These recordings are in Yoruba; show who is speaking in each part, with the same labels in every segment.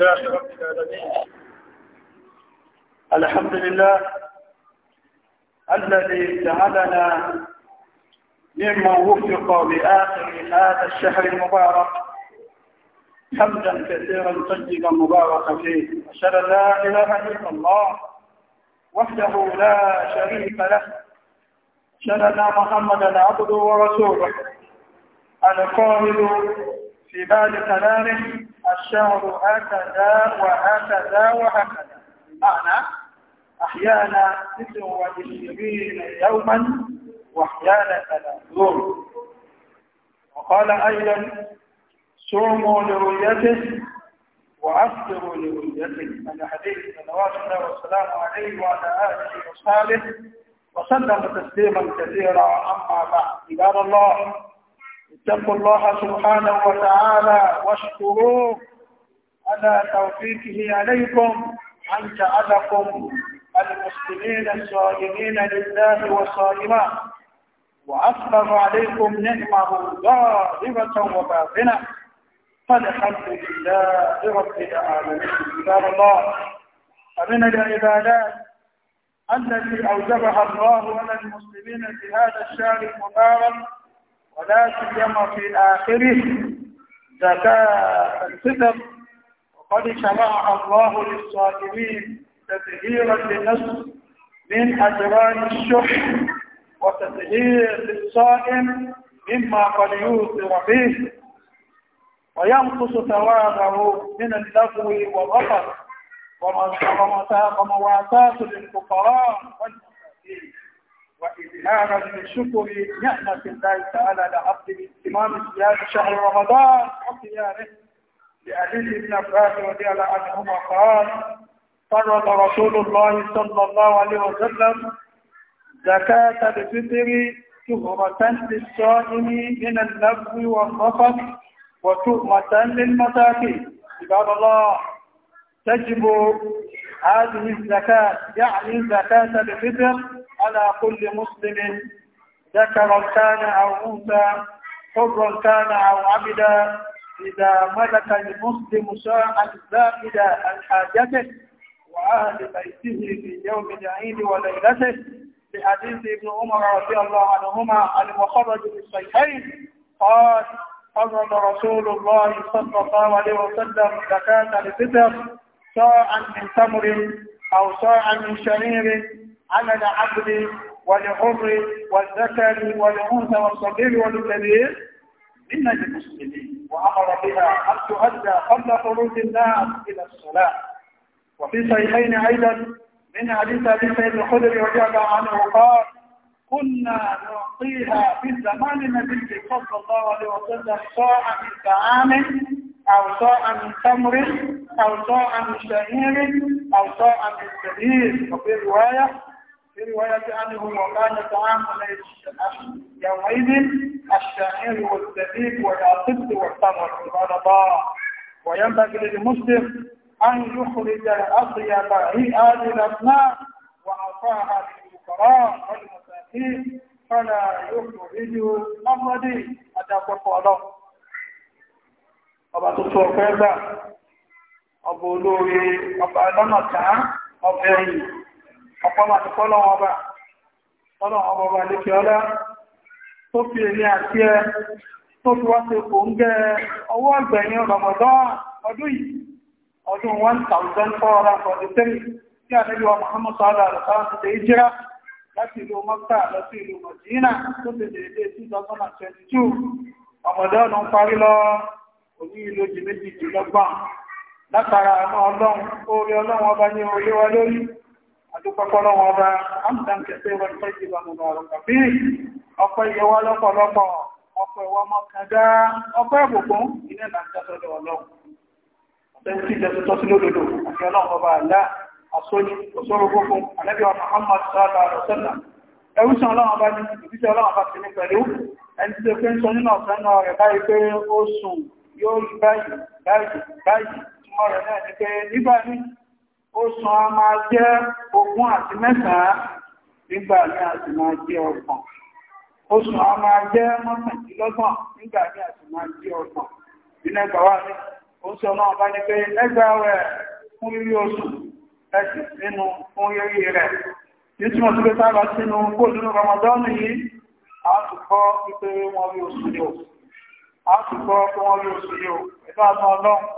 Speaker 1: لله رب العالمين الحمد لله الذي جعلنا ممن وفق بآخر هذا الشهر المبارك حمدا كثيرا طيبا مباركا فيه أشهد أن لا إله إلا الله وحده لا شريك له أشهد أن محمدا عبده ورسوله القائل في بال كلامه الشهر هكذا وهكذا وهكذا معنى
Speaker 2: أحيانا
Speaker 1: 26 يوما وأحيانا 30 وقال أيضا صوموا لرؤيته وأفطروا لرؤيته من حديث صلوات الله والسلام عليه وعلى آله وصحبه وسلم تسليما كثيرا أما بعد عباد الله اتقوا الله سبحانه وتعالى واشكروه على توفيقه عليكم أن جعلكم المسلمين الصائمين لله وصائما وأفضل عليكم نعمه ظاهرة وباطنة فالحمد لله رب العالمين كتاب الله فمن العبادات التي أوجبها الله على المسلمين في هذا الشهر المبارك ولا سيما في آخره زكاة الفطر وقد شرعها الله للصائمين تطهيرا للنفس من أجران الشح وتطهير للصائم مما قد يوثر به وينقص ثوابه من اللغو والغفر ومواساة للفقراء والمساكين من شكر نعمة الله تعالى لعبده إمام صيام شهر رمضان وقيامه لأبي بن عباس رضي الله عنهما قال فرض رسول الله صلى الله عليه وسلم زكاة الفطر تهمة للصائم من النبو والنفق وتهمة للمساكين عباد الله تجب هذه الزكاة يعني زكاة الفطر على كل مسلم ذكر كان أو أنثى حرا كان أو عبدا إذا ملك المسلم ساعه الزائد عن حاجته وأهل بيته في يوم العيد وليلته لحديث ابن عمر رضي الله عنهما المخرج في الصحيحين قال حضر رسول الله صلى الله عليه وسلم زكاة الفطر صاعا من تمر أو صاعا من شعير عمل عبد والحر والذكر والأنثى والصغير والكبير إن للمسلمين وأمر بها أن تؤدى قبل خروج الناس إلى الصلاة وفي صحيحين أيضا من حديث أبي سيد الخدري رضي الله عنه قال كنا نعطيها في زمان النبي صلى الله عليه وسلم صاع من طعام أو صاع من تمر أو صاع من شعير أو صاع من سبيل وفي رواية في رواية عنه وكان تعامل يومئذ الشعير والزبيب والعقد والتمر قال الله وينبغي للمسلم أن يخرج الأطيب هيئة للأبناء وأعطاها للفقراء والمساكين فلا يخرج الرديء أتاكم الله ọba tó tó ọ̀pọ̀lọ́ àti ọba ọlọ́wọ́ ọba ọba lékè ọlá tó fi àti ẹ tó fi wá kò ń ọwọ́ ọdún yìí ọdún tí a nílùú Muhammad sallallahu alaihi láti ìlú ìlú tó ti 2022 Ramadan ń parí lọ òní ìlú jì méjìdínlọ́gbọ̀n látara Ọlọ́run orí Ọlọ́run àdúpọ̀pọ̀lọ́ wọn bá amdan kẹsẹ̀ wọn fẹ́ jù lọ nínú ọ̀rọ̀ kàfí ọpẹ́ iye wá lọ́pọ̀lọpọ̀ ọpẹ́ wọn mọ́ kàdá ọpẹ́ ìbùkún ilé ìlànàjọ́sọ́dọ̀ ọlọ́run ọ̀tẹ́ tí ìjẹsẹ̀ tọ́sí lódodo àti ọlọ́run ọba àlá àsóyí òṣòro gbogbo àlẹ́bí ọmọ Muhammad sallallahu alaihi wasallam ẹrú sọ ọlọ́run ọba ní ìbísẹ̀ ọlọ́run ọba sí ní pẹ̀lú ẹni tí ó fẹ́ ń sọ oṣù a máa jẹ́ ogun àti mẹ́sàn nígbà ní àti máa jẹ́ ọgbọ̀n a máa jẹ́ mọ́kàndínlọ́gbọ̀n nígbà ní àti máa jẹ́ ọgbọ̀n nínú ẹgbà wà ní náà bá ní pé ẹgbà fún rírí oṣù ẹ̀sì nínú fún rírí rẹ̀ nítumọ̀ tó gbẹ́ta lọ sínú kóòdù ramadọ́nù yìí a ti kọ́ pípé wọn rí oṣù yóò a ti kọ́ wọn rí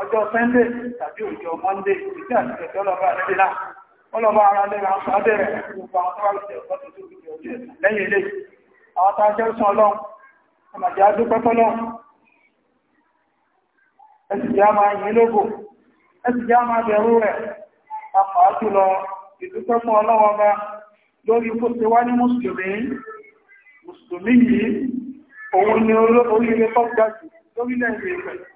Speaker 1: ọjọ́ sunday tàbí ọjọ́ monday ìdí àti ẹ̀tọ́ ọlọ́ba àdébílá ọlọ́ba ara lẹ́ra ń pàdé rẹ̀ gbogbo àwọn tọ́wà lọ́sẹ̀ ọ̀pọ̀ tó tóbi jẹ́ ojú ẹ̀sìn lẹ́yìn ilé àwọn tá a jẹ́ sọ ọlọ́run ọmọdé á dúpẹ́ tọ́lọ́ ẹsì jẹ́ máa yìn lógo ẹsì jẹ́ máa bẹ̀rù rẹ̀ papọ̀ jùlọ ìdúpẹ́ fún ọlọ́wọ́ ọba lórí kó ṣe wá ní mùsùlùmí mùsùlùmí yìí òun ni oríire tó ga jù lórílẹ̀-èdè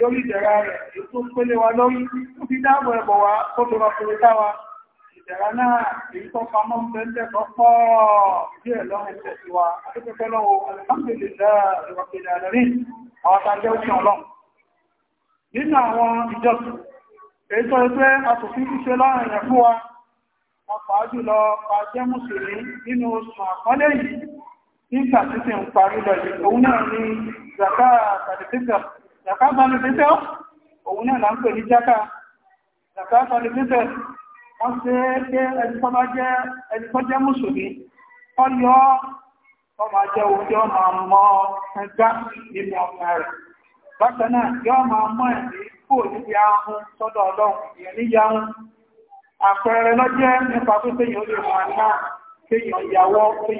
Speaker 1: lórí ìdẹ̀ra rẹ̀ ètò pélé wa lórí tó fi dáàbò ẹ̀bọ̀ wa tó tó bá pèlè táwa ìdẹ̀ra náà èyí tó pamọ́ ń bẹ́ẹ̀ tó pọ̀ díẹ̀ lọ́rùn ẹ̀sẹ̀ sí wa adúpẹ́pẹ́ lọ́wọ́ alhamdulillah ìwàkèdè àlẹ́rí àwọn tàbí ọ̀sẹ̀ ọlọ́run nínú àwọn ìjọsìn èyí tó ẹgbẹ́ asòfin ṣíṣe lọ́rùn ń parí lọ yìí náà ní zaka tàbí zaka bani fífẹ́ òun náà ń pè ní zaka wọ́n ṣe pé ẹni tó jẹ́ mùsùlùmí wọ́n yọ wọ́n ma jẹ́ ohun tí wọ́n máa ẹgbá nínú ọkàn rẹ̀ bákan náà mọ́ níbi ahun sọ́dọ̀ ọlọ́run ìyẹn àpẹẹrẹ lọ́jẹ́ nípa tó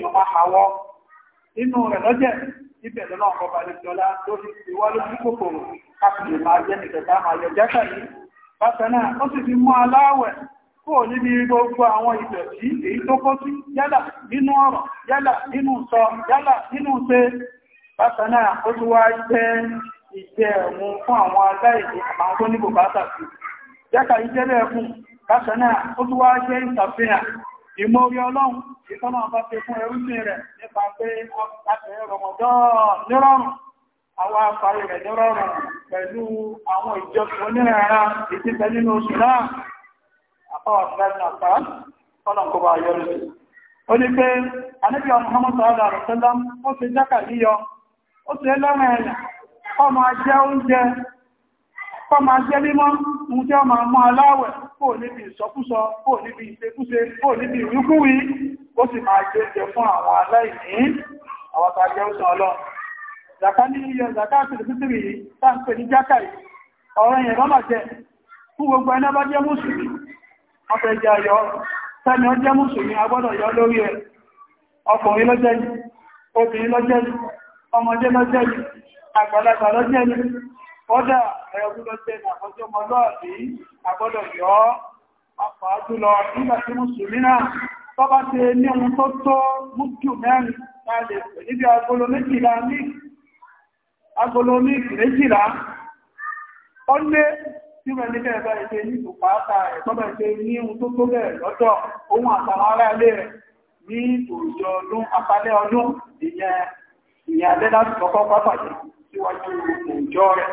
Speaker 1: ọmọ àwọ́ nínú rẹ̀ lọ́jẹ́ níbẹ̀ lọ́nà ọba àdéjọlá tó ti fi wá lójú kòkòrò káfílẹ̀ máa jẹ́ nìkẹta máa yọ jákà yìí bákan náà ó sì fi mú aláwẹ̀ kó o níbi gbogbo àwọn ìdọ̀tí èyí tó kó sí yálà nínú ọ̀rọ̀ yálà nínú sọ yálà nínú ṣe bákan náà ó ti wá jẹ́ ìjẹ́ ẹ̀mú fún àwọn aláìní àwọn tó ní bùkátà sí jákà yìí jẹ́ bẹ́ẹ̀ fún bákan náà ó ti wá jẹ́ ìṣàfihàn ìmọ̀ orí ọlọ́run ìtọ́nà bá ti fún ẹrúsìn rẹ̀ nípa pé látẹ̀ẹ́ rọmọdán nírọ̀rùn àwọn afárí rẹ̀ nírọ̀rùn pẹ̀lú àwọn ìjọsìn onírẹ̀ra ìtìtẹ̀ nínú oṣù náà àpáwà fúlẹ́sìn àpá tọ́nà kó bá yọrí sí ó ní pé anábì ọmọ hamasa alárùsẹ́lá ó ti jákà yíyọ ó ti ẹlẹ́rìn ẹ̀yà ọmọ ajẹ́ oúnjẹ kọ́ máa jẹ́ mímọ́ mú jẹ́ máa mọ́ aláwẹ̀ kó níbi ìsọkúsọ kó níbi ìṣekúṣe kó níbi ìrúkúwí ó sì máa jẹ́ jẹ fún àwọn aláìní àwọn tàbí ọ̀sán ọlọ́run zàká ní iye zàká sí ìfítìrì táǹpẹ̀ ní jákà yìí ọ̀rọ̀ yẹn lọ́nà jẹ́ fún gbogbo ẹni bá jẹ́ mùsùlùmí ọ̀fẹ́ jẹ́ ayọ́ sẹ́ni ó jẹ́ mùsùlùmí agbọ́dọ̀ yọ lórí ẹ̀ ọkùnrin lọ́jẹ́ yìí obìnrin lọ́jẹ́ yìí ọmọdé lọ́jẹ́ yìí àgbàlagbà lọ́jẹ́ yìí kọ́dà ẹ̀rù lọ jẹ́ àkọjọ́ mọ́lọ́ọ̀dí àgbọ́dọ̀ yọ́ ọ̀pàá jùlọ nígbà tí mùsùlùmí náà tọ́bá ti ní ohun tó tó múkù mẹ́rin láàrẹ̀ níbi agolo méjìlá ní agolo ní méjìlá ó lé tí wọ́n ní bẹ́ẹ̀ bẹ́ẹ̀ ṣe ní ìtùpáátà rẹ̀ tọ́bẹ̀ ṣe ní ohun tó tó bẹ̀rẹ̀ lọ́dọ̀ ohun àtàwọn ará ilé rẹ̀ ní òòjọ́ ọdún apálẹ́ ọdún ìyẹn ìyẹn àdẹ́dá ti kọ́kọ́ pápá síwájú òòjọ́ rẹ̀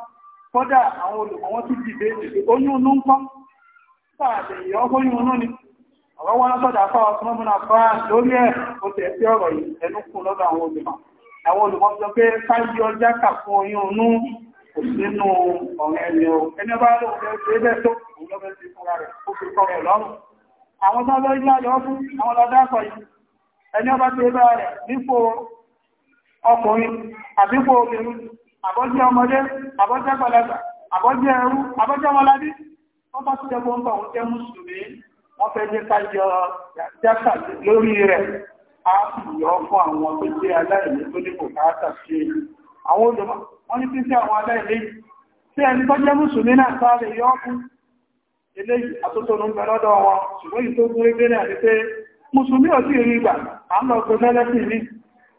Speaker 1: kódà àwọn olùkọ́ wọn tún dìde oyún inú ń pọ́ pàdé ìyọ́ oyún inú ni ọ̀rọ̀ wọn sọ́dà fáwọn ọ̀sán mọ́nà fáà lórí ẹ̀ ó tẹ̀ sí ọ̀rọ̀ yìí ẹnu kún lọ́dọ̀ àwọn olùmọ̀ àwọn olùmọ̀ sọ pé káyí ọjà ọkùnrin àbípò obìnrin àbọ́jẹ́ ọmọdé àbọ́jẹ́ pẹ̀lẹ́gbà àbọ́jẹ́ ẹrú àbọ́jẹ́ ọmọládé wọ́n bá tún ẹgbọ́n bá wọn jẹ́ mùsùlùmí wọ́n fẹ́ jẹ́ ká yọ jẹ́kà lórí rẹ̀ á sì yọ fún àwọn tó jẹ́ aláìní tó ní kò káàtà sí àwọn olùmọ̀ wọ́n ní títí àwọn aláìní tí ẹni tó jẹ́ mùsùlùmí náà sáré yọ fún eléyìí àtótónú ń bẹ lọ́dọ̀ wọn ṣùgbọ́n ìtó gúrégé náà ni pé mùsùlùmí ò sì rí ìgbà à ń lọ gbé mẹ́lẹ́sìn ní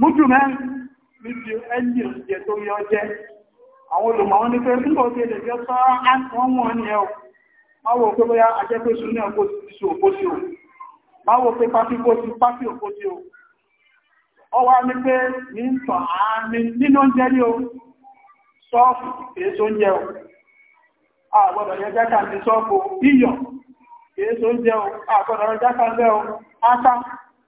Speaker 1: mújù mẹ́rin níbi ẹni ìjẹ tó yọ jẹ́ àwọn olùmọ̀ ní pé nígbà ó jẹ́ pé bóyá ní ọkọ̀ o o ọ wá ní pé ní ń tọ̀ àmì nínú oúnjẹ ní o sọ́ọ̀fù èso oúnjẹ o àgbọ̀dọ̀ yẹ sọ́ọ̀fù iyọ̀ èso oúnjẹ o àgbọ̀dọ̀ yẹ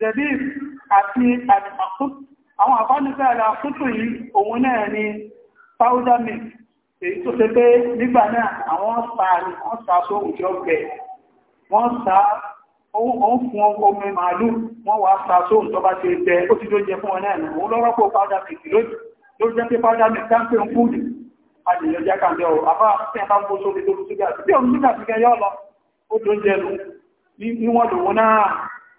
Speaker 1: zabib àti àdìmọ̀kú àwọn àfánúfẹ́ àlàkútù yìí òun náà ni powder milk èyí tó ṣe pé nígbà náà àwọn sàárì wọ́n sàá tó òjò gbẹ̀ wọ́n sàá òun fún omi màálù wọ́n wà sàá tó òjò bá ṣe gbẹ ó ti lóúnjẹ fún wọn náà nù òun lọ́rọ́pọ̀ powder milk lónìí ló jẹ́ pé powder milk tá ń pè ń kú nì àdìyàn jẹ́ kàndẹ̀ ọ̀ àbá tí a bá ń kó sóbi tó ṣúgà sí bí òun ṣúgà sí kẹ yọ́ lọ ó tó ń jẹ lù ní wọ́n lòun náà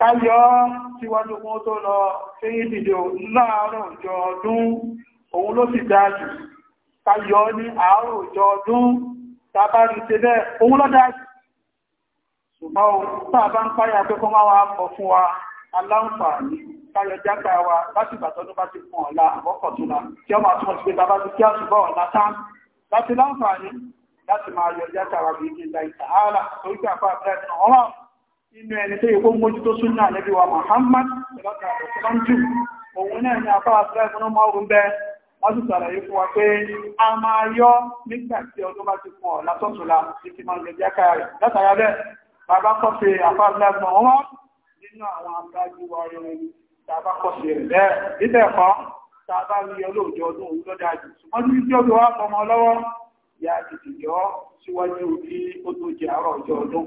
Speaker 1: káyọ́ síwájú wọn tó lọ ṣe yí dìde láàárọ̀ ọjọ́ ọdún òun ló sì dájú káyọ́ ní àárọ̀ ọjọ́ ọdún tàbárí ṣe bẹ́ẹ̀ òun ló dájú ṣùgbọ́n tàbá ń páyà pé kọ́ máa wá pọ̀ fún wa aláǹfààní káyọ̀ jágbà wa láti ìbàtọ́dún bá ti fún ọ̀la àbọ́kọ̀túnla tí ó máa túnmọ̀ sí pé bàbá ti kí àṣùbọ̀ ọ̀la tán láti láǹfààní láti máa yọ jágbà wa bí inú ẹni tó yẹ kó mójú tó súnà lẹ́bí wa Muhammad òun náà ni àpáwà sílẹ̀ fún ọmọ ogun bẹ́ wọ́n sì sàlàyé fún wa pé a máa yọ́ nígbà tí ọdún bá ti pọ̀ látọ̀tùlá títí máa lè jẹ́ káà rẹ̀ látara bẹ́ẹ̀ bàbá kọ́ sí àpáwà sílẹ̀ fún ọmọ nínú àwọn abájú wa rẹ̀ tàbá kọ́ sí rẹ̀ bẹ́ẹ̀ nígbà ẹ̀kọ́ tàbá rí olóòjọ́ ọdún òun lọ́dà jù ṣùgbọ́n tí tí ọdún wa fọmọ lọ́wọ́ ya tètè jọ síwájú bí ó tó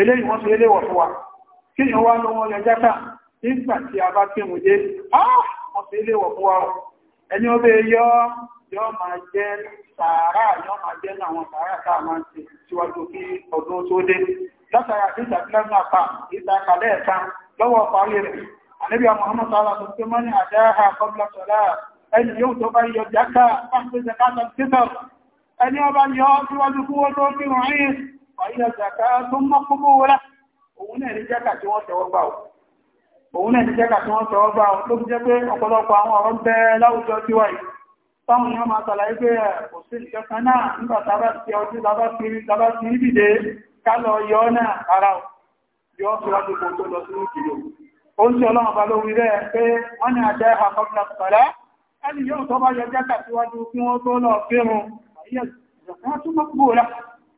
Speaker 1: eléyìí wọ́n fi eléwọ̀ fún wa kí ni wá lọ́wọ́ yọ jákà nígbà tí a bá kí múdé wọ́n fi eléwọ̀ fún wa ẹni ó bẹ́ yọ́ yọ́ máa jẹ́ sàárà yọ́ máa jẹ́ àwọn sàárà tá a máa ń ṣe síwájú kí ọdún tó dé látara ìta kílẹ́mù àpá ìta kàlẹ́ ẹ̀ka lọ́wọ́ parí rẹ̀ àníbi àwọn ọmọ sàárà tó pé mọ́ni àdáhà kọ́bílá sọ̀rá ẹni yóò tó bá yọ jákà pàṣẹ jẹ́ká ẹni ọba yọ síwájú kúwó tó kírun ẹ̀yìn ọ̀yìn ọ̀zàká tó mọ́ kúrò wọ́lá òun náà ní jẹ́kà tí wọ́n tẹ́wọ́ gbà ọ̀ òun náà ní jẹ́kà tí wọ́n tẹ́wọ́ gbà ọ̀ tó jẹ́ pé ọ̀pọ̀lọpọ̀ àwọn ọ̀rọ̀ bẹ láwùjọ tí wáyé táwọn èèyàn máa tàlàyé pé kò sí ìjọkan náà nígbà tábà ti ọdún tábà ti rí tábà ti sí ìkìlò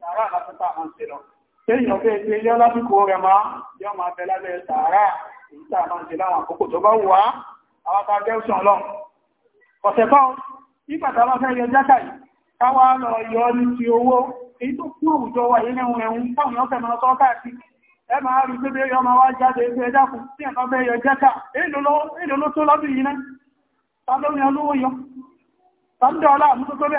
Speaker 1: sàárà lásìkò àwọn ṣe lọ téèyàn fẹ́ ilé ilé lásìkò rẹ̀ máa yọ máa bẹ lábẹ́ sàárà èyí tá a máa ń láwọn àkókò tó bá àwọn a lọ ọ̀sẹ̀ kan nígbà tá a fẹ́ jákà yìí lọ yọ ní ti owó èyí tó kú òwùjọ wà yìí táwọn máa káàkiri ẹ máa rí pé yọ máa wá jáde ẹgbẹ́ ẹjá tí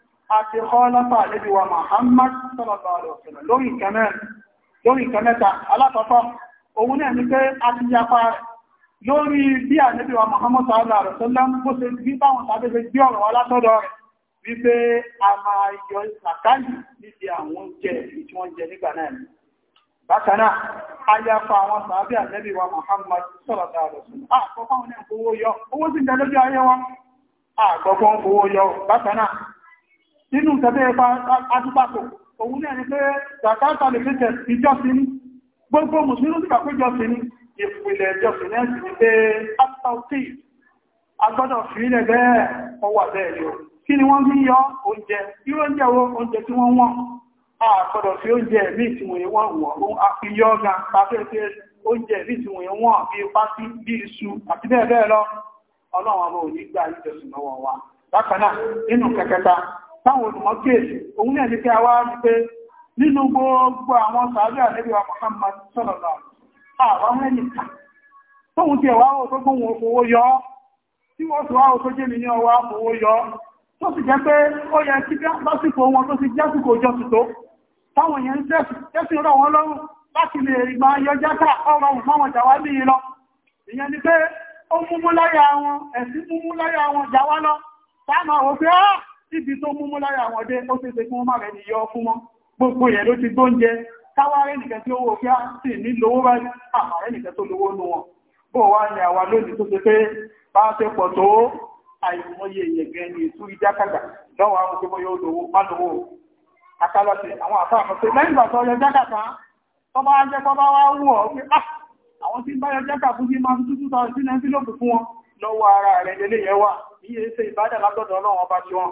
Speaker 1: àti kọ́lọ́pà níbi wa Muhammad sallallahu alaihi wasallam lórí ìkẹ́mẹ́ta alákọ̀ọ́kọ́ òun náà ní pé a ti yapa lórí bí a níbi wa Muhammad sallallahu alaihi wasallam bó ṣe bí báwọn tàbí àwọn oúnjẹ tí wọ́n jẹ nígbà a yapa àwọn sàábí ànẹ́bí wa yọ owó sì jẹ ayé wọn àkọ́kọ́ wọn kówó yọ bákan nínú tẹ̀bẹ́ ẹpa adúgbàtò òun náà ni pé zakata lè fi tẹ̀sí ìjọsìn gbogbo mùsùlùmí ti pàpé jọsìn ní ìpìlẹ̀ ìjọsìn náà sì ní pé aptauti agbọ́dọ̀ fìílẹ̀ bẹ́ẹ̀ ọwà bẹ́ẹ̀ ni o kí ni wọ́n ń yọ oúnjẹ irú oúnjẹ wo oúnjẹ tí wọ́n wọ́n àgbọ́dọ̀ fi oúnjẹ mí tí wọ́n wọ́n wọ́n àfiyọ́ ga pàpẹ́ oúnjẹ mí tí wọ́n wọ́n bí pátí bí iṣu àti bẹ́ẹ̀ bẹ́ẹ̀ lọ ọlọ́run ọmọ òní gbà ìjọsìn lọ́wọ́ wa bákan náà nínú kẹkẹta táwọn olùmọ̀ òun ní kí a pé nínú gbogbo àwọn sàájú àlẹ́bí wa Muhammad sọ́lọ̀lọ́ àwọn ẹnìkà tóhun ti ẹ̀wà ó tó gbóhun òfòwó yọ tí wọ́n tó wá ó tó jẹ́ mi ní ọwá òfòwó yọ tó sì jẹ́ pé ó yẹ kí lásìkò wọn tó sì jásìkò jọsù tó táwọn èèyàn jẹ́sìn rọ̀ wọn lọ́rùn láti lè rí máa yọ jákà ọrọ̀ òun máwọn jàwá ní lọ ìyẹn ni pé ó múmú láyà wọn ẹ̀sìn múmú láyà wọn jàwá lọ táwọn òfin níbi tó mú múláyà àwọn ọdẹ ó ṣeéṣe kí wọ́n má rẹ̀ ní yọ fún wọn gbogbo yẹn ló ti gbóúnjẹ káwárẹ́ nìkan tí owó kí á sì ní lówó báyìí àmàrẹ́ nìkan tó lówó nú wọn bó wá ní àwa lónìí tó ṣe pé bá ṣe pọ̀ tó àìmọye yẹ̀gẹ̀ ní ìtú ìjákàgbà lọ́wọ́ àwọn tó mọ́yọ́ lówó má lówó akálọ́sì àwọn àfáàmọ́ pé lẹ́yìn ìgbà tó yọ jákàtà tó bá jẹ́ kọ́ bá wá wù ọ́ pé á ah, àwọn tí ń bá yọ jákà fún sí máa ń tútù tọ́ sí náà sí lóòpù fún wọn lọ́wọ́ ara rẹ̀ lélẹ́yẹ wà ní iye ṣe ìbádà lágbọ́dọ̀ ọlọ́run ọba tí wọn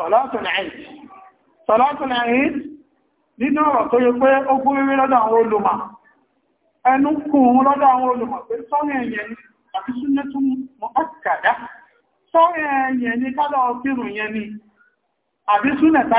Speaker 1: sọ̀látùn na nínú ọ̀rọ̀ tó yẹ pé ó gún rírí lọ́dọ̀ àwọn olùmọ̀ ẹnu kùn lọ́dọ̀ àwọn olùmọ̀ pé sọ́rọ̀ ẹ̀yẹ̀ ni àti súnlẹ̀ tún mọ́ ọ̀kàdá sọ́rọ̀ ẹ̀yẹ̀ ni kálọ̀ ọ̀fíìrù yẹn ni àbí súnlẹ̀ ta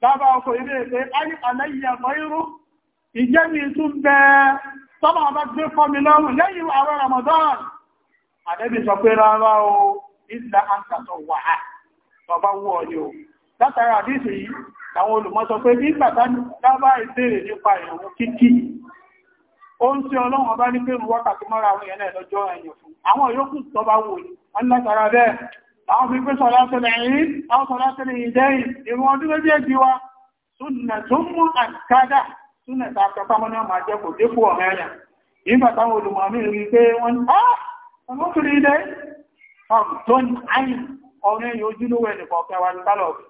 Speaker 1: bàbá ọkọ̀ ilé ilé ayé àlẹ́yìn ọ̀tọ̀ irú ìjẹ́ mi tún bẹ sọ́mọ̀ ọba gbé fọ́ mi lọ́rùn lẹ́yìn àwọn Ramadan àdẹ́bì sọ pé rárá o ìsìlá àǹkàtọ̀ wà á bàbá wọ́ ni o látara àdísì yìí àwọn olùmọ̀ sọ pé nígbà tábà ìbéèrè nípa ìrùn kíkí ó ń sí ọlọ́run ọba ní pé wákàtí mọ́ra àwọn èèyàn náà lọ́jọ́ ẹ̀yìn fún àwọn yòókù tó bá wò ní wọ́n látara bẹ́ẹ̀ àwọn fi pé sọ̀látẹ̀lẹ̀ yìí àwọn sọ̀látẹ̀lẹ̀ ìdẹ́yìn ìwọ̀n ọdún méjèèjì wa súnà tó mú àkádà súnà tààkàpamọ́ ní ọmọ àjẹ́kò dépò ọ̀rẹ́ rẹ̀ ìgbà táwọn olùmọ̀mí rí pé wọ́n ọmọkùnrin ilẹ̀ ọ̀tọ́n àyìn ọ̀rẹ́ yẹn ojúlówó ẹnìkọ̀ọ̀kẹ́ wa ní tálọ̀bì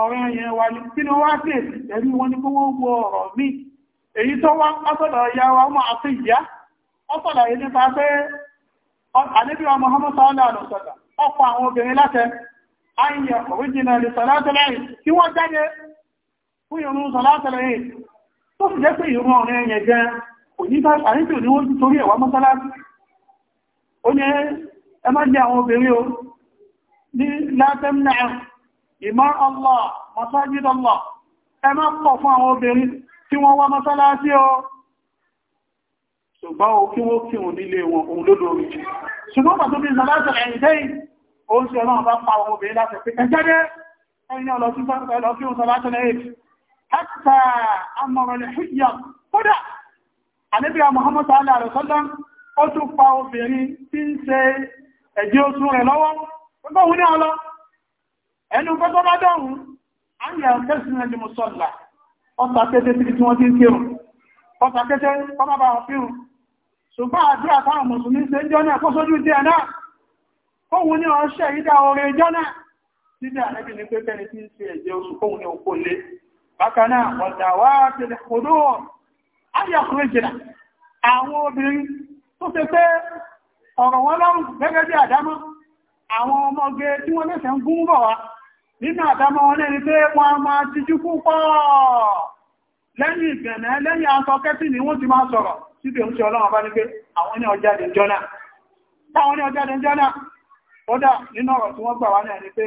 Speaker 1: ọ̀rẹ́ yẹn wà ní kí ni wá sí èsì ẹ̀rí wọn ní gbogbo gbogbo ọ̀rọ̀ mi èyí tó wá ọ́sọ̀dọ̀ ìyá wa mọ́ àti ìyá ọ́sọ̀dọ̀ yìí nípa pé àníbíwa Muhammad sallallahu alaihi wasallam ọ̀pọ̀ àwọn obìnrin látẹ ayẹ original salatalayin tí wọ́n jáde fún ìrún salatalayin tó sì jẹ́ pé ìrún ọ̀rẹ́ ẹ̀yẹ jẹ́ òníbá àríkì òní wọ́n torí ẹ̀wà mọ́sálásí o Allah Allah fún awọn obere, wọn masalasi o ṣùgbọ́n o kí wọ́n kí wọn nílé wọn òun ló lórí jù ṣùgbọ́n pàtó bí ìsànláṣẹ̀ ẹ̀yìn dẹ́yìn òun sí ọlọ́run bá pa àwọn obìnrin láti pé ẹjẹ́dẹ́ ẹ̀yìn ọlọ́tí ọlọ́tí ìsànláṣẹ̀ ẹ̀yìn hátà amọ̀rọ̀lẹ̀ hìyà kódà àníbíà Muhammad sallallahu alaihi wasallam ó tún pa obìnrin tí ń ṣe ẹ̀jẹ̀ oṣù rẹ̀ lọ́wọ́ gbogbo òun ní ọlọ́ ẹnu gbogbo bá dọ̀hún a ń yà tẹ́sìn ẹni mùsọ̀lá ọta kété tí wọ́n ti ń kírun ọta kété bá wọn fírun ṣùgbọ́n àdúrà táwọn mùsùlùmí ṣe ń jọ́nà kó sójú díẹ̀ náà kóhun ní ọ̀ṣẹ́ ìdá oore jọ́nà síbẹ̀ àrẹ́bì ní pé bẹ́ẹ̀ tí ń ṣe ẹ̀jẹ̀ oṣù kóhun ní òkú lé bákan náà wá tẹ̀lẹ̀ kòdó jìnà àwọn obìnrin tó wọn síbi òun tí ọlọ́run bá ní pé àwọn ní ọjáde jọ́nà táwọn ní ọjáde jọ́nà kódà nínú ọ̀rọ̀ tí wọ́n gbà wá náà ni pé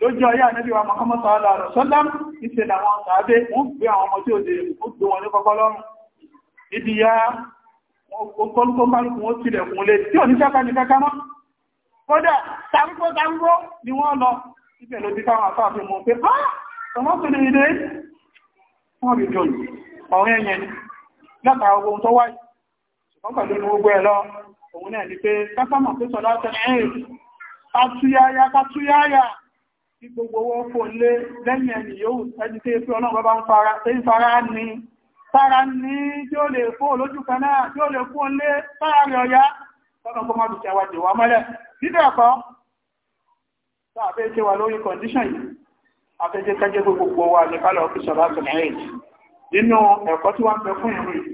Speaker 1: lójú ọyá níbi wa Muhammad sallallahu alaihi wasallam ìṣẹ́ làwọn tàbí wọ́n gbé àwọn ọmọ tí ó dé ó gbé wọn ní kọ́kọ́ lọ́rùn ibi ya kọ́lùkọ́ márùkù wọ́n tilẹ̀ kún lé tí ò ní sáfà ní kankan mọ́ kódà tàbíkó tàbíkó ni wọ́n ah! ọ̀rẹ́ yẹn ni látara ogun tó wáyé ṣùgbọ́n pẹ̀lú ní gbogbo ẹ̀ lọ òun náà ni pé kásámọ̀ pé sọ̀dá tẹ̀lé ẹ̀rì kátúyáyá kátúyáyá tí gbogbo owó kò lé lẹ́yìn ẹni yóò ẹni tí èsì ọlọ́run bá ń fara tí ń fara ní sára ní tí ó lè fún olójú kan náà tí ó lè fún olé sára rẹ̀ ọ̀yá lọ́nà kó má dùkẹ́ wájú wa mọ́lẹ̀ nídẹ̀ ẹ̀kọ́ sáàbẹ́ ṣe wà lórí kọ̀ndíṣàn yìí afẹ́jẹ́ kẹjẹ́ gbogbo wa lè kálọ̀ ọ́fíṣọ̀ láti mẹ́rin nínú ẹ̀kọ́ tí wọ́n ń bẹ fún ìrìn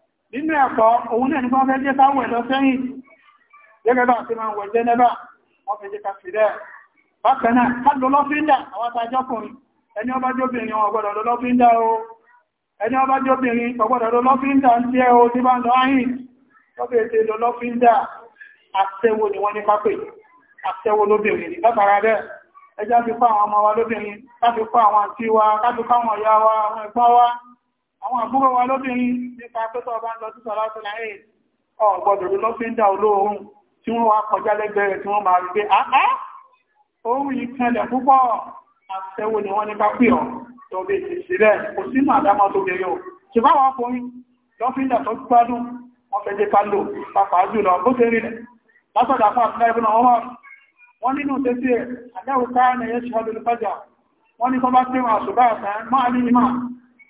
Speaker 1: nínú ẹ̀kọ́ òun náà nígbọ́n fẹ́ jẹ́ táwọn ẹ̀lọ sẹ́yìn gẹ́gẹ́ bá ti máa wọ̀ jẹ́ nẹ́bà wọ́n fẹ́ jẹ́ ká fi rẹ̀ bákan ká lọ lọ́fíńdà àwọn àtàjọ́kùnrin ẹni ọba jóbìnrin wọn ọgbọ́dọ̀ lọ o ẹni ọba jóbìnrin àwọn àbúrò wa lóbìnrin nípa pẹ́tọ́ bá ń lọ sí sọ́lọ́tù láàrin ọ̀gbọ̀dọ̀ ló fi ń dá olóorun tí wọ́n wá kọjá lẹ́gbẹ̀ẹ́ rẹ̀ tí wọ́n máa rí pé àá ah, ah, ohun ìkanlẹ̀ púpọ̀ àṣẹwò ni wọ́n nípa pè ọ́ tó bẹ̀ sí sílẹ̀ kò sínú àdámọ́ tó bẹ̀rẹ̀ o ṣùgbọ́n àwọn ọkùnrin lọ́fíńdà tó gbádùn wọ́n fẹ́ jẹ́ ká lò pàápàá jùlọ bó ṣe rí rẹ̀ látọ̀dà fún àtúnlẹ́bùn ọmọ wọ́n nínú tẹ́sí ẹ̀ àdáwò káà ní ẹ̀ṣọ́ ọdún fẹ́jà wọ́n ní kọ́ bá tí wọ́n àṣùbá àtàn máa ní ìmáà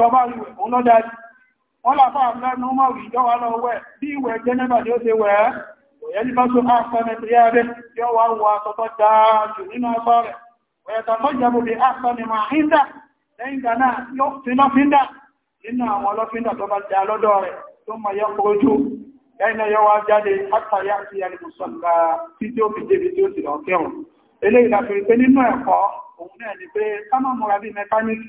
Speaker 1: tọba rí wẹ̀ òun lọ́dá rí wọ́n láfá àfẹ́nu mọ́rí ìjọwà lọ wẹ̀ bí ìwẹ̀ jẹ́nẹ́bà ni ó ṣe wẹ̀ ẹ́ òyẹ́ ní bá tó máa fẹ́mẹ́ tí yá rẹ̀ tí ó wà wọ àtọ́tọ́ dáájú nínú ọgbà rẹ̀ ọ̀yẹ̀tà tó jẹ́ bó lè áfẹ́ ni máa ń dà lẹ́yìn ìgbà náà yóò fi lọ́fíńdà nínú àwọn lọ́fíńdà tó bá dá lọ́dọ̀ rẹ̀ tó mọ̀ yẹ kọjú lẹ́yìn yọ wá jáde látàrí àti alìmùsọ̀lá tí tí ó fi débi tí ó sì lọ kẹrùn eléyìí la fi pé nínú ẹ̀kọ́ òun náà ni pé ká má múra bí mẹkáníkì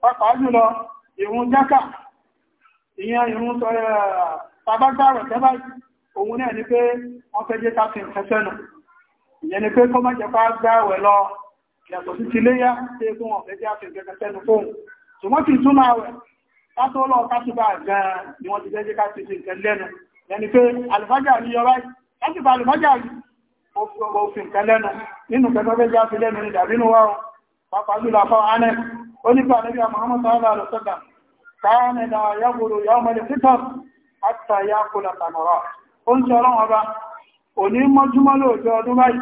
Speaker 1: pàápàá jùlọ jákà ìyẹn ìrun sọ̀rọ̀ tàbágbàrọ̀ tẹ́bà òun náà ni pé wọ́n fẹ́ jẹ́ káfí ìfẹ́sẹ́nu ìyẹn ni pé kọ́ má jẹ́ lọ yàtọ̀ sí ti léyà tí egun ọ̀fẹ́ jẹ́ òfin kan nínú kẹfẹ́fẹ́ jẹ́ àfi lẹ́nu ní dàbínú jùlọ àfọ́ anẹ́ onígbà níbi Muhammad sallallahu alaihi wasallam káàmì la yàgbòrò yàmàlì fítàr àtà yàkùlà tàmàrà ó ń sọ́rọ̀ ọba òní mọ́júmọ́ lóòjọ́ ọdún báyìí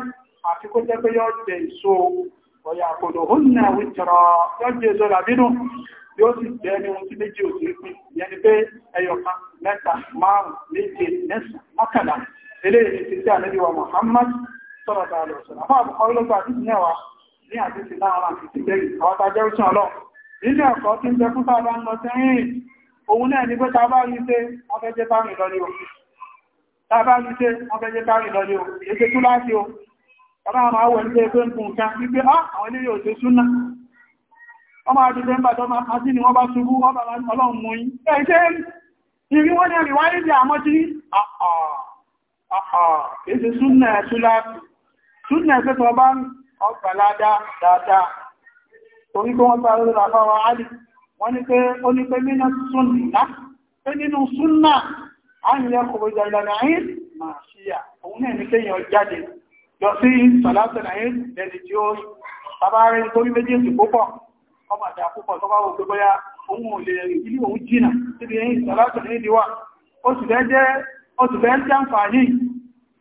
Speaker 1: àti kó jẹ́ pé yọ́ jẹ èso ọ̀yà àkòdò ó nà yọ́ jẹ èso làbínú yóò sì jẹ́ ní ohun tí méjì ò sí pín ya ni pé ẹyọkan mẹ́ta márùn méje mẹ́sàn mọ́kànlá eléyìí ti sí ní àdíṣì láàrá àti ìgbẹ̀rẹ̀ àwọn tàjẹ́ òṣìṣẹ́ ọlọ́run nínú ẹ̀kọ́ tí ń jẹ fún sáàbá ń lọ sí rìn òun náà ní pé tàbá rí pé wọ́n fẹ́ jẹ́ kárìn lọ ní o tàbá rí pé wọ́n fẹ́ jẹ́ kárìn lọ ní o èké tú láti o tàbá máa wọ̀ ní ah, àwọn ilé ni wọ́n bá ṣubú wọ́n bá ọlọ́run mú yín ẹ̀ ṣe ìrí wọ́n ní àríwáyé di àmọ́ tí àà àà èsì súnà ẹ̀ súnà ẹ̀ ọgbàládá dáadáa torí pé wọ́n sáré lọ́la fáwọn alì wọ́n ní pé ó ní pé mínà súnnà pé nínú súnnà á ń yẹ kòrò jàndàna ayé máa ṣíyà òun náà ní kéèyàn jáde lọ sí sọ̀lásọ̀nà ayé lẹ́ni tí ó rí tàbárí torí méjèèjì púpọ̀ ọmọ àti àpúpọ̀ tó bá wò pé sì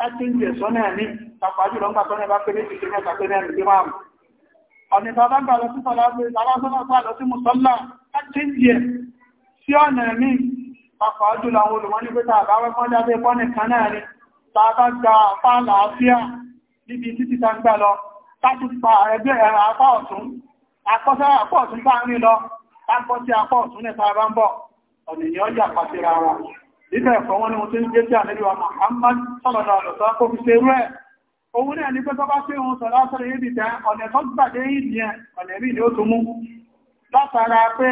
Speaker 1: láti ń jẹ sọ́nà ní tàpàájú lọ́gbà sọ́nà bá pé méjì pé mẹ́ta pé mẹ́rin pé márùn ọ̀nà bàbá gbà lọ sí sọ́lá lọ sí musọ́lá láti ń jẹ sí ọ̀nà ní tàpàájú làwọn olùmọ́ ní pé tàbá wẹ́kọ́ dábẹ́ pọ́nì kan náà ni tàbá gba apá àlàáfíà níbi títí ta ń gbà lọ láti pa ẹgbẹ́ ẹ̀rọ apá ọ̀tún akọ́sẹ́ apá ọ̀tún ní tàbá nígbà ẹ̀kọ́ wọn ni wọ́n tí ń jẹ́ jẹ́ àlẹ́lúwà Muhammad sọ́lọ̀dà àlọ́sá kó fi ṣe rú ẹ̀ òun náà ní pẹ́tọ́ bá ṣe òun sọ̀rọ̀ sọ́rọ̀ yìí dìtẹ́ ọ̀nà tó gbàdé ìdíyàn ọ̀nà rí ni ó tún mú látara pé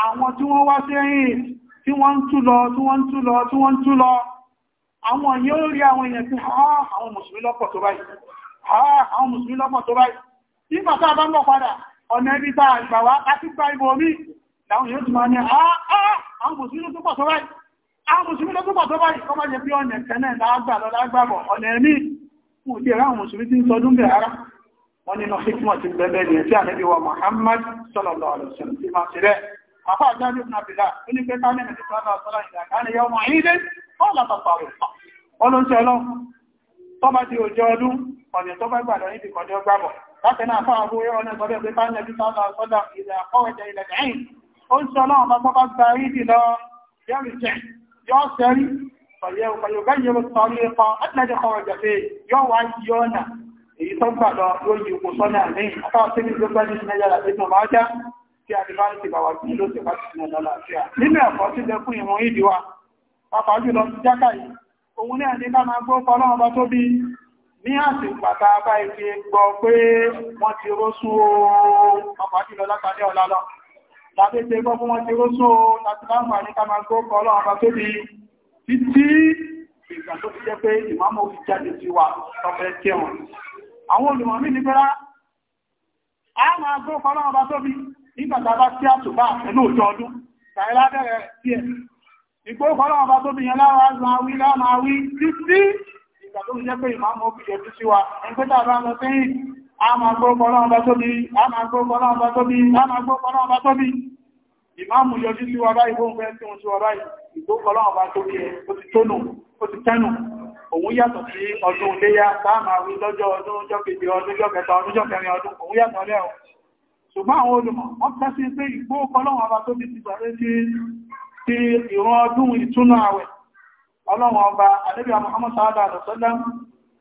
Speaker 1: àwọn tí wọ́n wá sí ẹ̀yìn tí wọ́n ń tú lọ tí wọ́n ń tú lọ tí wọ́n ń tú lọ àwọn yóò rí àwọn èèyàn tí àwọn mùsùlùmí lọ́pọ̀ tó báyìí àwọn mùsùlùmí lọ́pọ̀ tó báyìí nígbà tá a bá ń bọ̀ padà ọ̀nà ibi tá a gbà wá a ti gba ibò mí làwọn yóò tún máa ní àá àwọn mùsùlùmí tó pọ̀ tó báyìí àwọn mùsùlùmí tó pọ̀ tó báyìí kọ́ bá jẹ pé ọ̀nà ẹ̀kẹ́nẹ̀ lágbà lọ lágbàbọ̀ ọ̀nà ẹ̀mí mú ti rá àwọn mùsùlùmí tí ń sọdún bẹ̀ ara wọ́n nínú hikmọ̀ ti bẹ̀bẹ̀ ní ẹ̀tí ànábì wa Muhammad sallallahu alaihi wasallam ti máa ṣe rẹ̀ àfá àjáde ibn abdulá ó ní pé tánẹ̀ ní sọ́dọ̀ sọ́dọ̀ ìdàkánì yọ ọmọ ilé ọ̀là tọ̀pọ̀ ọlọ́sẹ̀ ọlọ́run tọ́bá di òjò ọdún ọ̀nà tó bá gbàdọ̀ níbi kọjọ́ gbàbọ̀ láti náà fáwọn owó ọ̀nà sọ́dọ̀ pé tánẹ̀ ní ó ń sọ náà bọ́ bá gba rídì lọ yẹ́rì jẹ́ yọ́ sẹ́rí pẹ̀lú sọ́rí ipa ẹ́tìlẹ́dẹ̀ kọrọ̀ jẹ̀fẹ́ yọ́ wá yí ọ̀nà èyí tó gbà lọ ló yí ipò sọ́nà ní àtàwọn tí ní gbogbo ẹni sinẹ́ yára tó máa já tí a ti bá ti bàwà sí ló ti bá ti sinẹ́ lọ́la àti à nínú ẹ̀kọ́ tí lẹ́kùn ìrún ìdí wa pàpà jùlọ ti jákà yìí òun ní ní o pàpà tàbí ṣe gbọ́ fún wọn ti rósó láti láàmù àníká máa gbó kọ́ ọlọ́run bá tóbi títí ìgbà tó fi jẹ́ pé ìmáàmù òfin jáde ti wà tọ́fẹ́ kẹwọn àwọn olùmọ̀mí ní pẹ́lá a máa gbó kọ́ ọlọ́run bá tóbi nígbàtà bá sí àtùbà pẹ̀lú òjò ọdún tàí lábẹ́rẹ̀ sí ẹ̀ ìgbó kọ́ ọlọ́run bá tóbi yẹn lára máa wí lára máa wí títí ìgbà tó fi jẹ́ pé ìmáàmù òfin jẹ́ Ìmáàmù yọjú sí wa báyìí, wọ́n fẹ́ tí wọ́n sí wa báyìí, ìgbókọ̀lọ́ ọba tó bí ẹ, ó ti tónù, ó ti tẹ́nù, òun yàtọ̀ sí ọdún léyá, sáàmà rí lọ́jọ́ ọdún, jọ́ kejì ọdún, jọ́ kẹta ọdún, jọ́ kẹrin ọdún, òun yàtọ̀ lẹ́ọ̀. Ṣùgbọ́n àwọn olùmọ̀, wọ́n fẹ́ sí pé ìgbókọ̀lọ́ ọba tó bí ti bàrẹ́ sí ìran ọdún ìtúnú àwẹ̀. Ọlọ́run ọba, àdébíà Muhammad Sallallahu Alaihi Wasallam,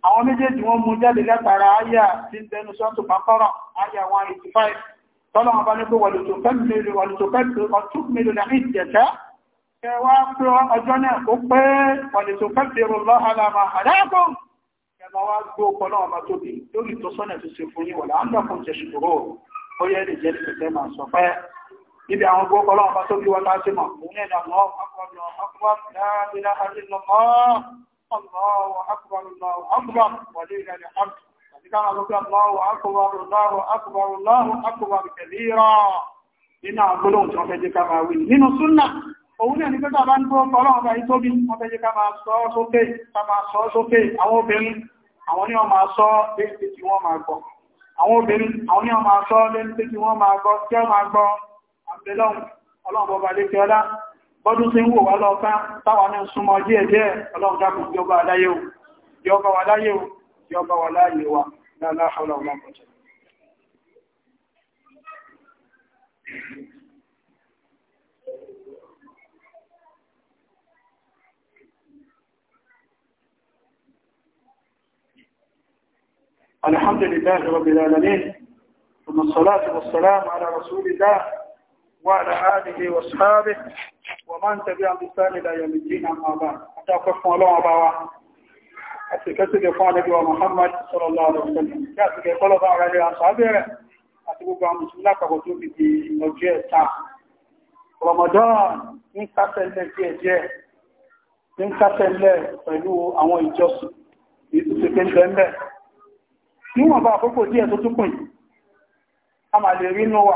Speaker 1: àwọn méjèèjì wọ́n mú jáde lẹ́pàá ayà tí tẹnu sọ́tù pàpọ́rọ̀ ayà 185 tọ́lọ́wọ́n bá ní pé wọ̀lùtòfẹ́ Ẹwà pé ọjọ́ náà ó pé wọ̀lùtòfẹ́ lọ́hàlámà àdákùn. Ẹmọ wá gbó ọpọlọ́ ọmọ tóbi lórí ìtọ́sọ́nà tó ṣe fún yíwọ̀lá, á ń dọ̀kùn jẹ ṣùgbòrò, ó yẹ́ lè jẹ́ lè pẹ̀tẹ́ máa sọ pẹ́. Ibi àwọn gbó ọpọlọ́ ọmọ tóbi wọ́n tá sí mọ̀, òun ní ẹ̀dà mọ́ ọkọ̀ ọ̀nà ọkọ̀ الله أكبر الله أكبر ولله الحمد كان الله أكبر الله أكبر الله أكبر كثيرا nínú àgbọ́lọ́ tí wọ́n fẹ́ jẹ́ ká máa wí nínú súnnà òun náà ní pẹ́ta bá ń tó ọ̀pọ̀lọ́ ọba ìtóbi wọ́n fẹ́ jẹ́ ká máa sọ sókè ká máa sọ sókè àwọn obìnrin àwọn ní ọmọ sọ lẹ́yìn tí wọ́n máa gbọ́ àwọn obìnrin àwọn ní ọmọ sọ lẹ́yìn tí wọ́n máa gbọ́ tí wọ́n gbọ́ àbẹ̀lọ́run bọ́dún sí ń wò wá lọ́ọ̀ká táwà ní súnmọ́ díẹ̀ díẹ̀ ọlọ́run dákùn jọba aláyé o jọba wà láyé o jọba wà láyé wa láàrín àwọn الحمد لله رب العالمين ثم الصلاة والسلام على رسول الله وعلى آله وأصحابه ومن تبع بسان إلى يوم الدين أما بعد أتوقف الله أبا أتكسب فعلك ومحمد صلى الله عليه وسلم كاتك يقول الله على أصحابه أتبقى عن بسم الله كهتوب في نوجه الساعة Ramadan ń kásẹ̀lẹ̀ díẹ̀ díẹ̀, ń kásẹ̀lẹ̀ pẹ̀lú àwọn ìjọsìn, èyí tó ṣe kéńtẹ̀ ń bẹ̀. Níwọ̀n bá àkókò díẹ̀ tó túnkùn, a máa lè rí náà wà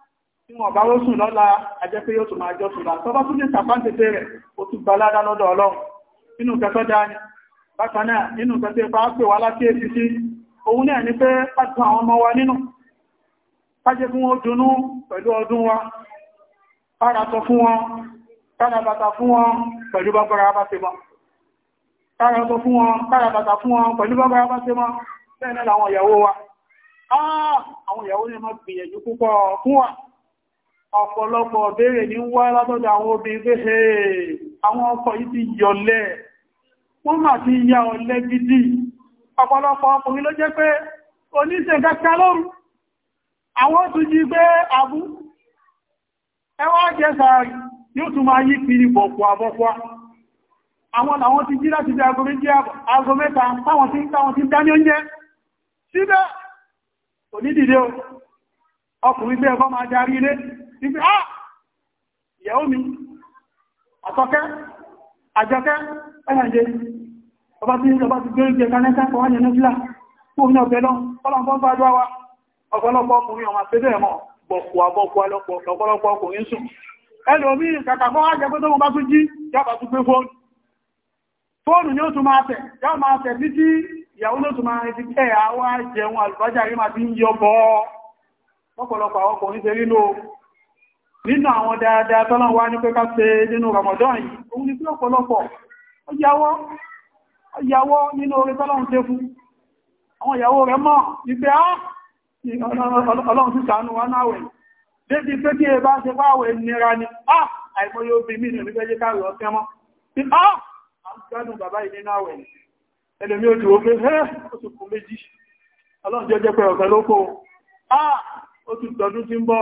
Speaker 1: tí wọ́n bá rọ́sùn lọ́la ajẹ́ pé yóò tún máa jọ tùlá tó bá tún lè sàpáǹtẹ̀tẹ̀ rẹ̀ ó tún gba ládá lọ́dọ̀ ọlọ́run nínú kẹtọ́ dání bákan náà nínú kẹtẹ́ bá pè wá láti èsì sí òun náà ni pé pàtàkì àwọn ọmọ wa nínú kájẹ́ fún wọn dunú pẹ̀lú ọdún wa kára sọ fún wọn kára bàtà fún wọn pẹ̀lú bọ́gbọ́ra bá ṣe mọ́ kára sọ fún wọn kára bàtà fún wọn pẹ̀lú ọ̀pọ̀lọpọ̀ béèrè ní wá látọ́jọ́ àwọn obìnrin pé ṣe àwọn ọkọ̀ yìí ti yọ̀lẹ̀ wọ́n mà ti ya ọ̀lẹ gidi ọ̀pọ̀lọpọ̀ ọkùnrin ló jẹ́ pé oníṣẹ́ kẹta lóru àwọn tún jí pé àbú ẹwà jẹ́ sàárì yóò tún máa yí kiri bọ̀pọ̀ àbọ́pọ̀ àwọn làwọn ti jí láti bí aago méjì aago mẹ́ta táwọn ti táwọn ti dání oúnjẹ síbẹ̀ onídìde ọkùnrin gbé ẹ̀kọ́ máa darí ilé ibi á ah! ìyàwó mi àtọ́kẹ́ àjọkẹ́ ẹ̀yànjẹ́ ọba tí ìjọba ti gbé ìjẹ kanẹ́kẹ́ kọ́ wáyé nígbìlá tó ní ọ̀bẹ̀ lọ ọlọ́pọ̀ gbájọ́ wa ọ̀pọ̀lọpọ̀ ọkùnrin ọmọ àpẹẹrẹ mọ̀ bọ̀kùwà bọ̀kùwà lọ́pọ̀lọpọ̀ ọkùnrin sùn ẹlòmí kàkà kọ́ wájẹ́ pé tó mọ́ bá tún jí yàbá tún gbé fóònù fóònù ni ó tún máa tẹ̀ yàbá máa tẹ̀ títí ìyàwó ló tún máa ti kẹ́ àwọn àjẹun àlùbájá rí máa ti ń yọ bọ́ ọ̀pọ̀lọpọ̀ àwọn ọkùnrin ṣe rí lóò nínú àwọn dáadáa tọ́lọ́n wá ní pé ká ṣe nínú Ramadan yìí òun ni pílọ̀pọ̀lọpọ̀ ọyàwó nínú orí tọ́lọ́n tẹ́ fún àwọn ìyàwó rẹ̀ mọ̀ wípé á ọlọ́run sí sàánú wá náwẹ̀ débi pé kí ẹbá ṣe fáwẹ̀ nira ni á àìmọye obì mí nìrí pé jẹ́ káàrí ọ̀fẹ́ mọ́ ah, á gbádùn bàbá ìní náwẹ̀ ẹlẹ́mí ó dúró pé ẹ́ ó ti kù méjì ọlọ́run jẹ́ jẹ́ pẹ̀rọ̀fẹ́ lóko á ó ti tọdún tí ń bọ̀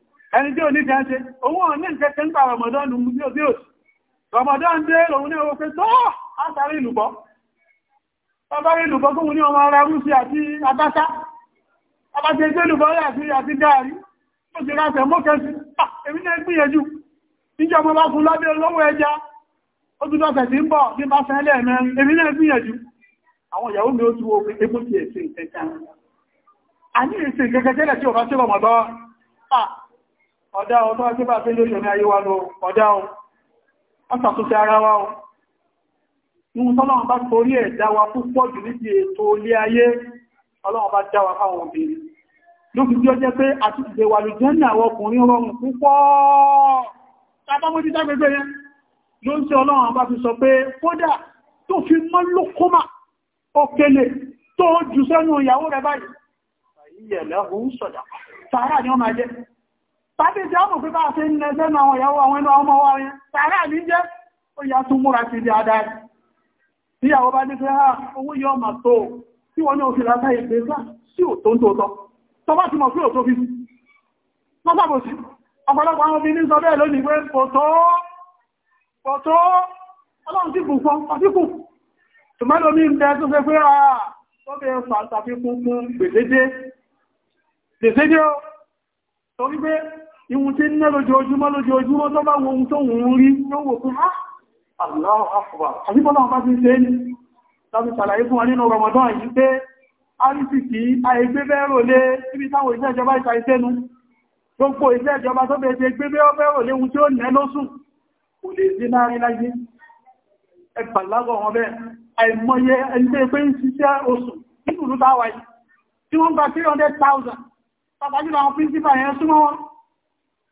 Speaker 1: ẹni tí ò ní tẹ́ẹ̀ṣe òun ò ní ìkẹ́kẹ́ nípa rọmọdọ́nù mú bí òbí òsì rọmọdọ́n dé òun ní ọwọ́ pé tó átàrí ìlúbọ́ ọbárí ìlúbọ́ fún ní ọmọ ara rúsí àti abáta abájẹ́ ìgbé ìlúbọ́ àti àti dáàrí ó ti ráṣẹ̀ mọ́kẹ́sí ah, èmi náà gbìyànjú níjọ ọmọ bá fún lábẹ́ olówó ẹja ó tún lọ́sẹ̀ tí ń bọ̀ bí bá fẹ́ lẹ́ẹ̀mẹ́rin èmi náà gbìyànjú àwọn ìyàwó mi ó tún wo pé epo ti ẹ̀sìn kẹta a ní èsìn kẹkẹkẹlẹ̀ tí ọ̀rọ̀ sí ọmọdọ́ ọ̀dá ohun tó wájú bá fi lóṣò ní ayé wa lọ ọ̀dá ohun ọ́sàtúnṣe ara wa ohun nínú tọ́lọ́wọ́n bá torí ẹ̀ dáwà púpọ̀ jù ní ti ètò ilé ayé ọlọ́wọ́n bá dáwà fáwọn obìnrin ló fi jọ jẹ́ pé àti ìgbèwà lù jẹ́ ní àwọn ọkùnrin rọrùn púpọ̀ tàbámójídágbégbé yẹn ló ń ṣe ọlọ́wọ́n bá fi sọ pé kódà tó fi mọ́ lókómà òkèlè tó jù sẹ́nu ìyàwó rẹ̀ báyìí Tàbí jẹ́ ọmọ pípa àti ní ẹgbẹ́ náà àwọn ìyàwó àwọn ẹnu ọmọ wa rẹ̀. Tààrà ní jẹ́ ó yá tún múra ti di adáyé. Bí àwọ bá ní pé ha ah, owó yọ ọmọ tó tí wọ́n ní òfin látà ìgbé sá sí ò tó ń tóótọ́. Tọ́bá ti mọ̀ sí òtó fi. Lọ́sàbòsí, ọ̀pọ̀lọpọ̀ àwọn obìnrin sọ bẹ́ẹ̀ lónìí pé kò tó, kò tó, ọlọ́run ti bù fún ọtíkù. Tùmọ́lò mi ń bẹ ah, torí pé ìwọ̀n tí ní lójoojúmọ́ lójoojúmọ́ tó bá wọn tó wùn rí lówó pé ha ah, Allahu Akbar àbíbọ́lá ọba ti ṣe ní láti ṣàlàyé fún wa nínú Ramadan yìí pé àrísìkí àìgbé bẹ́rò lé síbi táwọn iṣẹ́ ìjọba ìta ìṣẹ́nu gbogbo iṣẹ́ ìjọba tó bẹ̀ẹ́ gbé bẹ́rò lé ohun tí ó nẹ́ lóṣù kò lè sí láàrin láyé ẹgbàlágọ̀ wọn bẹ́ẹ̀ àìmọye ẹni tó pé ń ṣiṣẹ́ oṣù nínú ìlú táwà yìí tí wọ́n gba 300,000 tàbájú àwọn píńsípà yẹn súnmọ́ wọn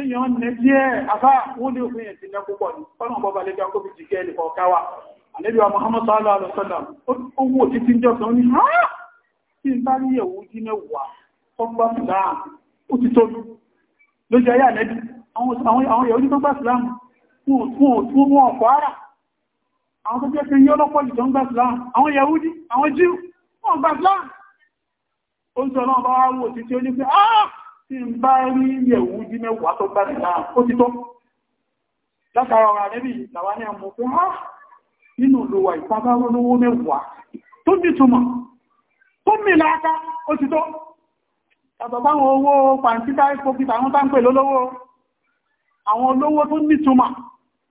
Speaker 1: èèyàn nẹ díẹ̀ afá wọ́n ní òfin ẹ̀sìn nẹ púpọ̀ ní ọ̀nà ọ̀bọ̀bà lẹ́gbẹ̀ akóbi ti gẹ́ẹ̀lì kọ̀ọ̀káwà àlébíwà Muhammad sallallahu alaihi wasallam ó wò títí jọ́sán ní ha tí n bá rí ẹ̀wù jí mẹ́wàá ọgbà Islam ó ti tóbi lójú ayé àlẹ́bí àwọn yẹ̀wù jí tó gbà Islam fún mú ọ̀pọ̀ ara àwọn tó jẹ́ pé yọ́ lọ́pọ̀ jù tó ń gbà Islam àwọn yẹ̀wù jí àwọn jíù wọ́n gbà Islam ó ń sọ náà bá wá wò títí ní pé tí ń bá rí yẹ̀wú jí mẹ́wàá tó bá nìlá ó ti tọ́ látara ọ̀rọ̀ àrẹ́bì làwá ní ọmọ fún ha ah, nínú olówà ìpàbá olówó mẹ́wàá tó ní túmọ̀ tó mì láàká ó ti tọ́ tàbàbá owó pàǹtíkà ìfòkítà àwọn tá ń pè lólówó àwọn olówó tó ní túmọ̀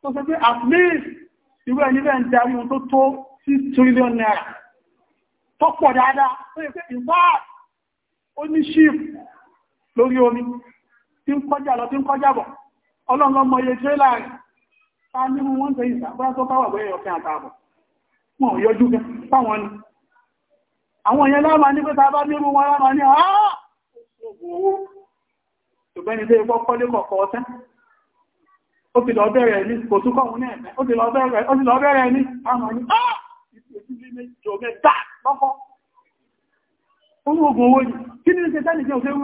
Speaker 1: tó sọ pé at least irú ẹni bẹ́ẹ̀ ń darí ohun tó tó 6 trillion naira tó pọ̀ dáadáa tó yẹ pé in fact ó ní ṣíìpù lórí omi tí ń kọjá lọ tí ń kọjá bọ̀ ọlọ́run mọ iye tírélà rẹ̀ ta ní wọ́n tẹ ìsà tó báwà bẹ́ẹ̀ ọ̀fẹ́ àtààbọ̀ wọn ò yọjú gẹ́ fáwọn ni àwọn èèyàn láàmà ní pẹ́ta bá nírú wọn láàmà ní àá ṣùgbẹ́ni lé ẹgbọ́ kọ́lé ní kò túnkọ̀ òun náà ó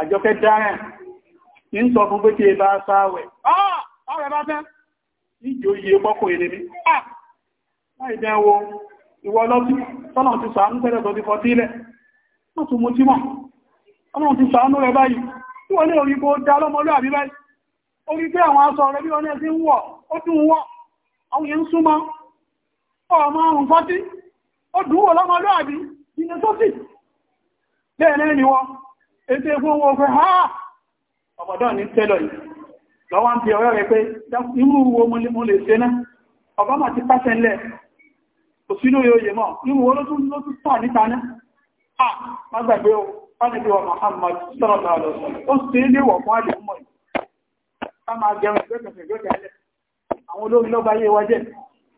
Speaker 1: àjọkẹ́ dárẹ̀ ní sọ fún pé kí ẹ bá sáwẹ̀ ọ̀rẹ́ bá tẹ́ orí pé àwọn aṣọ rẹ bí wọ́n ní ẹ̀sí wọ̀ ó dùn wọ́ àwọn yẹn ń súnmọ́ ọmọ ọrùn fọ́tí ó dùn wọ́ lọ́mọlú àbí ìnẹ́sọ́tì bẹ́ẹ̀ náà wọ́n ètò ẹgbẹ́ owó ọgbẹ́ ha ọmọdọ́ ní tẹ́lọ̀ yìí lọ́wọ́ ń bí ọ̀rẹ́ rẹ̀ pé irú wo mo lè ṣe náà ọbámà ti pàṣẹ ńlẹ̀ òsínú yóò mọ̀ irú wo ló tún ló tún tà níta náà ah o fánibí wa Muhammad sọ́rọ̀lá lọ ó sì ní wọ̀ fún àlè mọ̀ yìí ká máa jẹun ìgbẹ́kẹ̀kẹ̀ ìgbẹ́kẹ̀lẹ̀ àwọn olórin lọ́ba yé wa jẹ́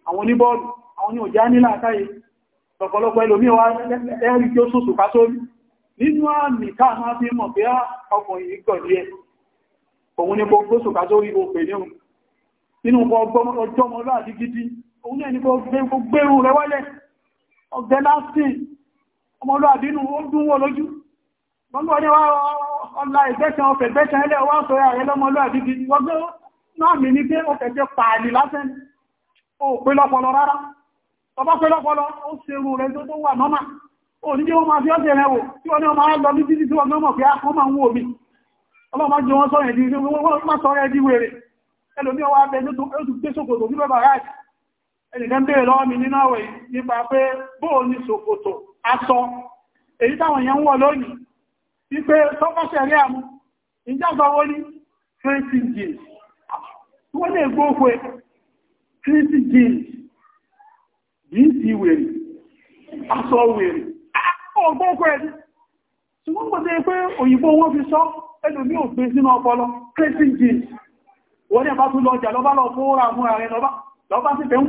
Speaker 1: àwọn oníbọ́ọ̀lù àwọn oní òjá nínú àmì káà máa fi mọ̀ pé ọkùnrin yìí gọ̀ díẹ̀ òun ni gbogbo sòkà tó rí òpè ní òun nínú ọjọ́ ọmọ láti gidi òun ní ẹni gbogbo ẹ̀rùn rẹ̀ wálẹ̀ ọgbẹ́ láti ọmọlúwàbí inú ó dún wọ́ lójú gbogbo ọdí wá ọlá ìgbẹ́sàn ọfẹ̀ gbẹ́sàn ẹlẹ́ wá sọ ààrẹ lọ́mọlúwàbí gidi gbogbo náà mi ní pé ó fẹ̀jẹ́ pààlì lásán ó pé lọ́pọlọ rárá ọba pé lọ́pọlọ ó ṣe irú rẹ̀ tó wà nọ́mà oníjẹ́ wọ́n máa fi ọ́sẹ̀ rẹ̀ wò tí wọ́n ní ọmọ àádọ́ ní títí tí wọ́n mọ̀ pé ah, wọ́n máa ń wò mí ọlọ́mọ jẹ́ wọ́n sọ́rẹ̀ di wọ́n sọ́rẹ̀ di wèrè ẹlòmí ọwọ́ abẹ ló tún gbé ṣòkòtò ní bẹ́bà ráì ẹnìkan bèèrè lọ́wọ́ mi nínú àwẹ̀ nípa pé bóò ní ṣòkòtò aṣọ èyí táwọn èèyàn ń wọ̀ lónìí wípé sọ́kọ́sẹ̀ rí àmú ìjọba wọ́n ní 20 jeans wọ́n lè gbóòkó 20 jeans yìí ti wèrè aṣọ wèrè ọgbọ́gbọ́ ẹ̀dí ṣùgbọ́n kò tẹ́ pé òyìnbó wọ́n fi sọ ẹlòmí ò sínú ọpọlọ crescent jeans wọ́n ní ẹ̀bá tún lọ jà lọ́bá lọ fóóra fún ààrẹ lọ́bá sí tẹ́ ń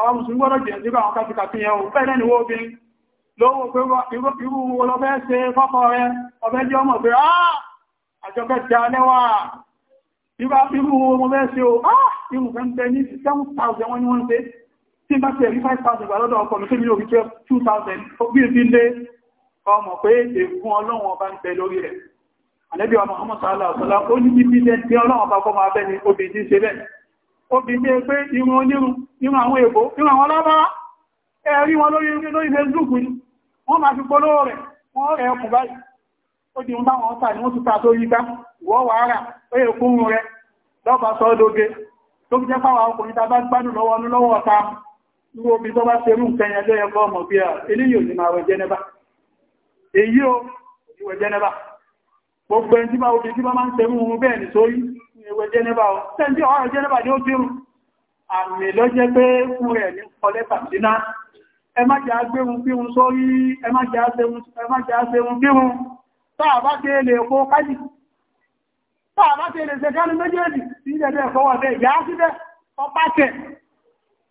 Speaker 1: ọmọ pé o irú fẹ́ ń bẹ ní 7,000 wọ́n ni wọ́n ń ṣe tí bá ti ẹ̀rí 5,000 gbà lọ́dọ̀ ọkọ̀ mi tí mi ò rí jẹ́ 2,000 ogbí ìbí lé ọmọ pé ègún ọlọ́run ọba ń bẹ lórí rẹ̀ àlẹ́bí ọmọ ọmọ sàálà ọ̀sọ́lá ó ní bíbí lẹ́ tí ọlọ́run ọba kọ́ máa bẹ́ ni obìnrin ṣe bẹ́ẹ̀ obìnrin pé irun onírun irun àwọn èbó irun àwọn lábára ẹ̀rí wọn lórí lórí Facebook ni wọ́n máa fi polówó rẹ̀ wọ́n rẹ̀ ọkùn báyìí ó di ń bá wọn sà ní wọ́n ti ta tó yí gbá wọ́ wàárà ó yẹ kúrun rẹ̀ lọ́ba sọ́ọ́dọ́gẹ́ tó fi jẹ́ fáwọn ọkùnrin ta bá gbádùn lọ́wọ́ ọlọ́wọ́ ọ̀ta Gbogbo omi tó bá ṣe rú nǹkan ẹ̀yẹ lẹ́yẹ fọ́ ọmọ bí i eléyìí ò ní máa wẹ̀ jẹ́nẹ́bà. Èyí o ní wẹ̀ jẹ́nẹ́bà. Gbogbo ẹni tí bá obì tí bá máa ń ṣe rú oorun bẹ́ẹ̀ ní sórí ìwẹ̀ jẹ́nẹ́bà ọ̀. Tẹ́ndí ọ̀rọ̀ jẹ́nẹ́bà ni ó dérù. Àmì lọ jẹ́ pé fún rẹ̀ ní kọlẹ́tà síná. Ẹ má jẹ́ agbérun kírun sórí, ẹ má jẹ́ aṣerun kírun. Táà bá ṣe lè kó kájì. Táà bá ṣe méjèèjì sí ilẹ̀ ẹ̀kọ́ wà bẹ́ẹ̀ yá síbẹ̀, ọpá tẹ̀.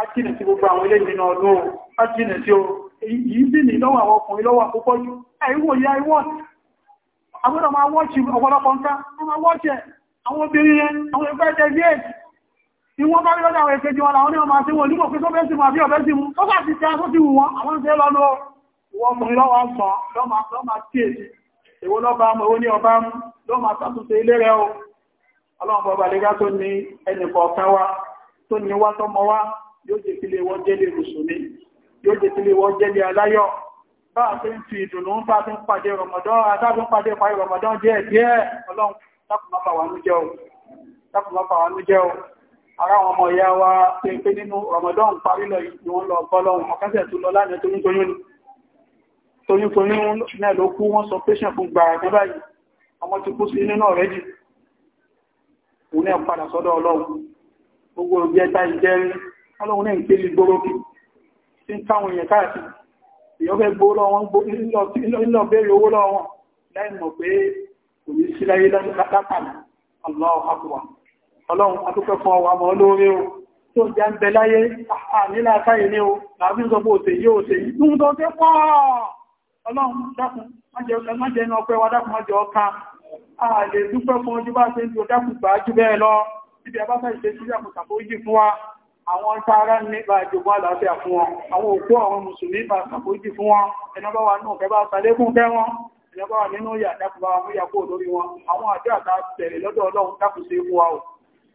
Speaker 1: ájínà sí gbogbo àwọn ilé ìrìnà ọdún ájínà sí o èyí sí ní lọ́wọ́ àwọn ọkùnrin lọ́wọ́ àkókò jù ẹ̀wọ̀ ya iwọ́n agbọ́dọ̀ máa wọ́ọ̀ṣì ọ̀pọ̀lọpọ̀ nǹkan wọ́n máa wọ́ọ̀ṣì àwọn obìnrin yẹn àwọn ẹgbẹ́ ẹgbẹ́ ẹgbẹ́ ni wọ́n bá rí lọ́dọ̀ àwọn èkejì wọn làwọn ní ọmọ àti wọn nígbò pé tó bẹ́ẹ̀ sí mú àbí ọ̀bẹ́ sí mú tó bá ti ṣe aṣó ti wù wọn àwọn ń ṣe lọ́nà ìwọ ọkùnrin lọ́wọ́ sọ lọ́mà lọ́mà tí èsì èwo lọ́ba mú owó ní ọba mú lọ́mà ṣàtúnṣe ilé rẹ o ọlọ́run bọba lẹ́gá tó ní ẹnì kọ̀ọ̀kan wa tó ní wá tọmọ wa yóò jẹ́ kílé wọ́n jẹ́lé mùsùlùmí yóò jẹ́ kílé wọ́n jẹ́lé aláyọ̀ bá a fi ń fi ìdùnnú bá fi ń pàdé Ramadan adájọ́ ń pàdé parí Ramadan díẹ̀ díẹ̀ Ọlọ́run tákùnmọ́pàá wà ní jẹ́ o tákùnmọ́pàá wà ní jẹ́ o ara àwọn ọmọ ìyá wa pé pé nínú Ramadan parí lọ ni wọ́n lọ bọ́ lọ́run ọ̀kẹ́sẹ̀ tó lọ láàrin toyún toyún toyún toyún náà ló kú wọ́n sọ patient fún gbàrà ní báyìí ọmọ ti kú sí nínú ọ̀rẹ́ jì òun náà padà sọ́dọ̀ Ọlọ́run gbogbo ìjẹta ìjẹrin ọlọ́run náà ń pè lè gbóró kí tí ń káwọn èèyàn káàkiri èèyàn fẹ́ gbó lọ́wọ́n ńlọ bẹ́ẹ̀rẹ̀ owó lọ́wọ́n láì mọ̀ pé kò ní sí láyé látàkàlà Allahu akbar ọlọ́run adúpẹ́ fún ọwọ́ àmọ́ olóore o tó ń jẹ́ ń bẹ láyé nílá káyé ní o láàbí ń sọ pé òsè yóò ṣe yìí tún tó fẹ́ pọ̀ ọlọ́run dákun má jẹ́ inú ọpẹ́ wa dákun má jẹ́ ọka a lè dúpẹ́ fún ojú bá ṣe ń lo dákun gbà á jù bẹ́ẹ̀ lọ ibi abáfẹ́ àwọn tààrà nípa ìjọba àlàáfíà fún wọn àwọn òkú àwọn mùsùlùmí bá sàkójì fún wọn ẹnàbá wa náà kẹbá sàlékún fẹ́ wọn ẹnàbá wa nínú yà dákùnbá wa múyà kó lórí wọn àwọn àjọ àta tẹ̀rẹ̀ lọ́dọ̀ ọlọ́run dákùn sí fún wa o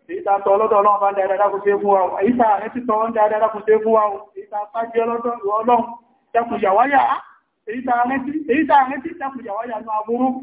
Speaker 1: èyí ta tọ́ lọ́dọ̀ ọlọ́run bá ń dáadáa dákùn sí fún wa o èyí ta àrẹ ti tọ́ ń dáadáa dákùn sí fún wa o èyí ta sájú ọlọ́dọ̀ ọlọ́run dákùn yàwáyà èyí ta àrẹ ti dákùn